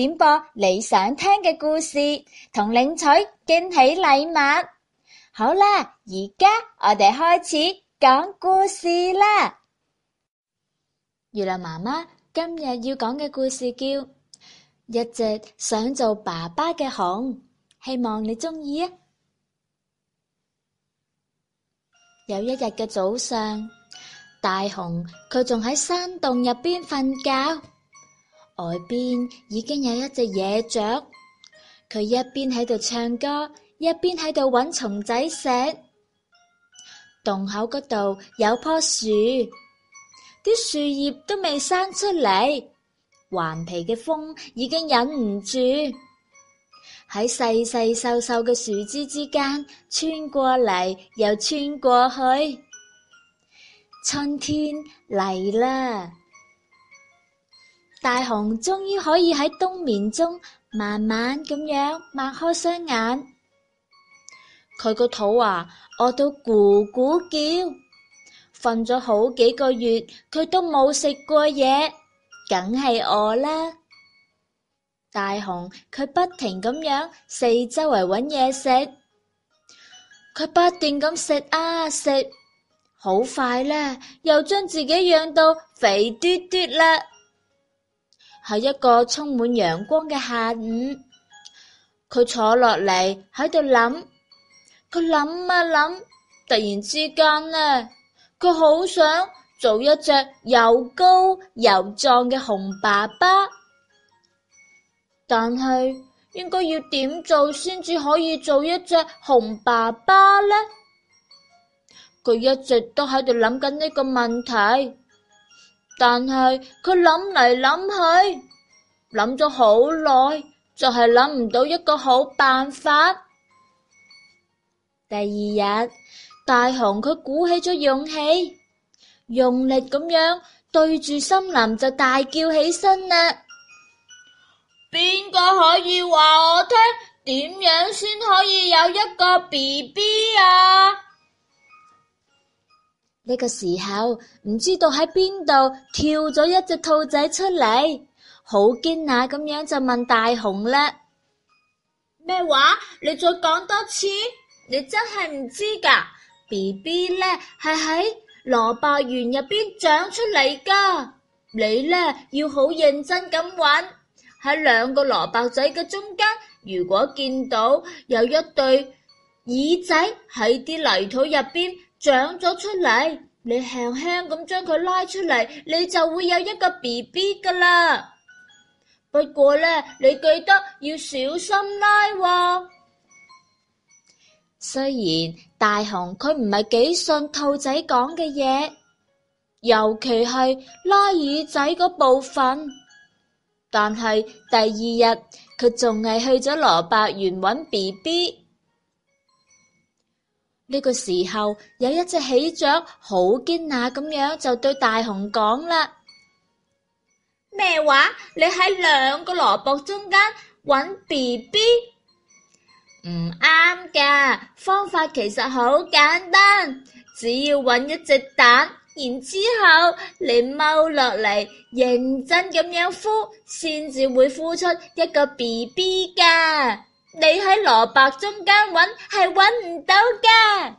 點播你想聽嘅故事，同領取驚喜禮物。外邊已經有一隻野雀，佢一邊喺度唱歌，一邊喺度搵蟲仔食。洞口嗰度有棵樹，啲樹葉都未生出嚟，頑皮嘅風已經忍唔住，喺細細瘦瘦嘅樹枝之間穿過嚟又穿過去，春天嚟啦！大熊終於可以喺冬眠中慢慢咁樣擘開雙眼，佢個肚啊餓到咕咕叫，瞓咗好幾個月，佢都冇食過嘢，梗係餓啦。大熊，佢不停咁樣四周圍搵嘢食，佢不斷咁食啊食，好快咧又將自己養到肥嘟嘟啦。喺一個充滿陽光嘅下午，佢坐落嚟喺度諗，佢諗啊諗，突然之間呢，佢好想做一隻又高又壯嘅熊爸爸，但係應該要點做先至可以做一隻熊爸爸呢？佢一直都喺度諗緊呢個問題。但係佢諗嚟諗去，諗咗好耐，就係諗唔到一個好辦法。第二日，大雄佢鼓起咗勇氣，用力咁樣對住森林就大叫起身啦：邊個可以話我聽，點樣先可以有一個 BB 啊？呢個時候唔知道喺邊度跳咗一隻兔仔出嚟，好驚訝咁樣就問大熊：「啦：咩話？你再講多次，你真係唔知噶。B B 咧係喺蘿卜園入邊長出嚟噶，你咧要好認真咁搵喺兩個蘿卜仔嘅中間，如果見到有一對耳仔喺啲泥土入邊。長咗出嚟，你輕輕咁將佢拉出嚟，你就會有一個 BB 噶啦。不過呢，你記得要小心拉喎。雖然大雄佢唔係幾信兔仔講嘅嘢，尤其係拉耳仔嗰部分，但係第二日佢仲係去咗蘿蔔園揾 BB。呢個時候有一隻喜鵲好驚訝咁樣就對大雄講啦：咩話？你喺兩個蘿卜中間揾 BB？唔啱噶，方法其實好簡單，只要揾一隻蛋，然之後你踎落嚟認真咁樣孵，先至會孵出一個 BB 噶。你喺蘿蔔中間揾，係揾唔到㗎。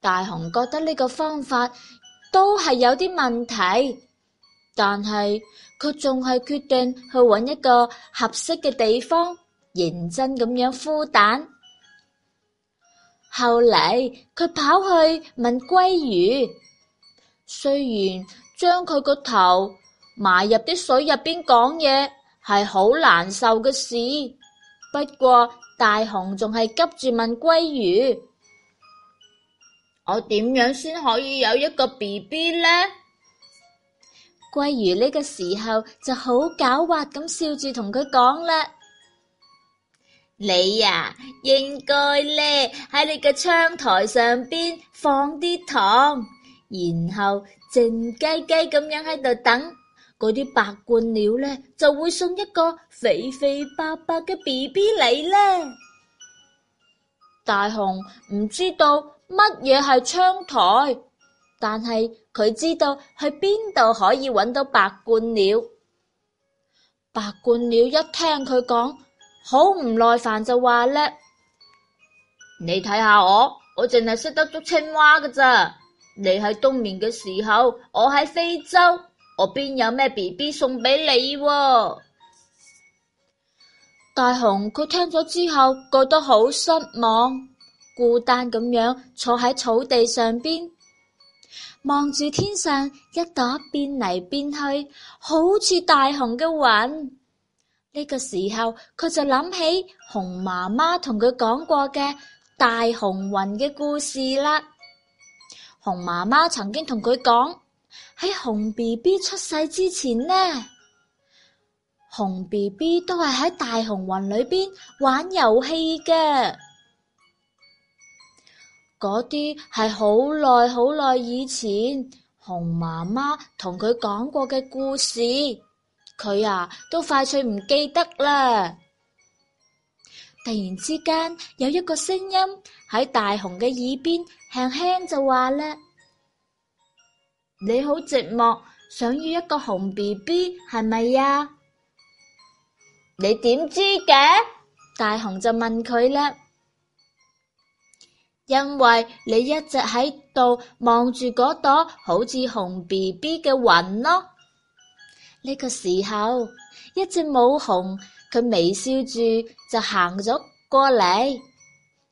大雄覺得呢個方法都係有啲問題，但係佢仲係決定去揾一個合適嘅地方，認真咁樣孵蛋。後嚟佢跑去問鮭魚，雖然將佢個頭埋入啲水入邊講嘢，係好難受嘅事，不過大雄仲係急住問鮭魚：我點樣先可以有一個 B B 呢？鮭魚呢個時候就好狡猾咁笑住同佢講啦：你呀、啊，應該呢喺你嘅窗台上邊放啲糖，然後靜雞雞咁樣喺度等。嗰啲白鸛鳥呢，就會送一個肥肥白白嘅 B B 嚟咧。 大雄唔知道乜嘢係窗台，但係佢知道去邊度可以搵到白鸛鳥。白鸛鳥一聽佢講，好唔耐煩就話咧： 你睇下我，我淨係識得捉青蛙噶咋。你喺冬眠嘅時候，我喺非洲。我邊有咩 B B 送俾你喎？大熊佢聽咗之後覺得好失望，孤單咁樣坐喺草地上邊，望住天上一朵變嚟變去，好似大熊嘅雲。呢、這個時候，佢就諗起熊媽媽同佢講過嘅大熊雲嘅故事啦。熊媽媽曾經同佢講喺熊 B B 出世之前呢，熊 B B 都係喺大熊雲裏邊玩遊戲嘅。嗰啲係好耐好耐以前熊媽媽同佢講過嘅故事，佢啊都快脆唔記得啦。突然之間有一個聲音喺大熊嘅耳邊輕輕就話啦。你好寂寞，想要一個熊 B B 係咪呀？你點知嘅？大熊就問佢啦，因為你一直喺度望住嗰朵好似熊 B B 嘅雲咯。呢個時候，一隻母熊佢微笑住就行咗過嚟，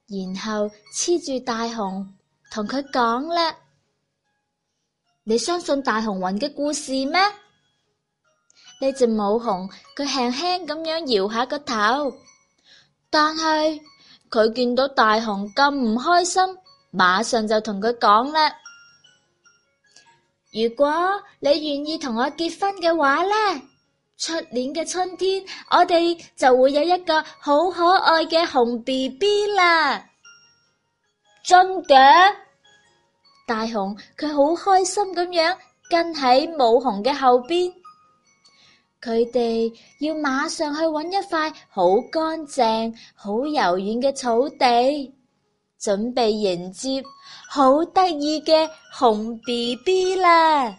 然後黐住大熊同佢講啦。你相信大熊雲嘅故事咩？呢隻母熊，佢輕輕咁樣搖下個頭，但係佢見到大熊咁唔開心，馬上就同佢講咧：如果你願意同我結婚嘅話呢，出年嘅春天我哋就會有一個好可愛嘅熊 BB 啦。真嘅？大雄佢好開心咁樣跟喺母熊嘅後邊，佢哋要馬上去搵一塊好乾淨、好柔軟嘅草地，準備迎接好得意嘅熊 B B 啦。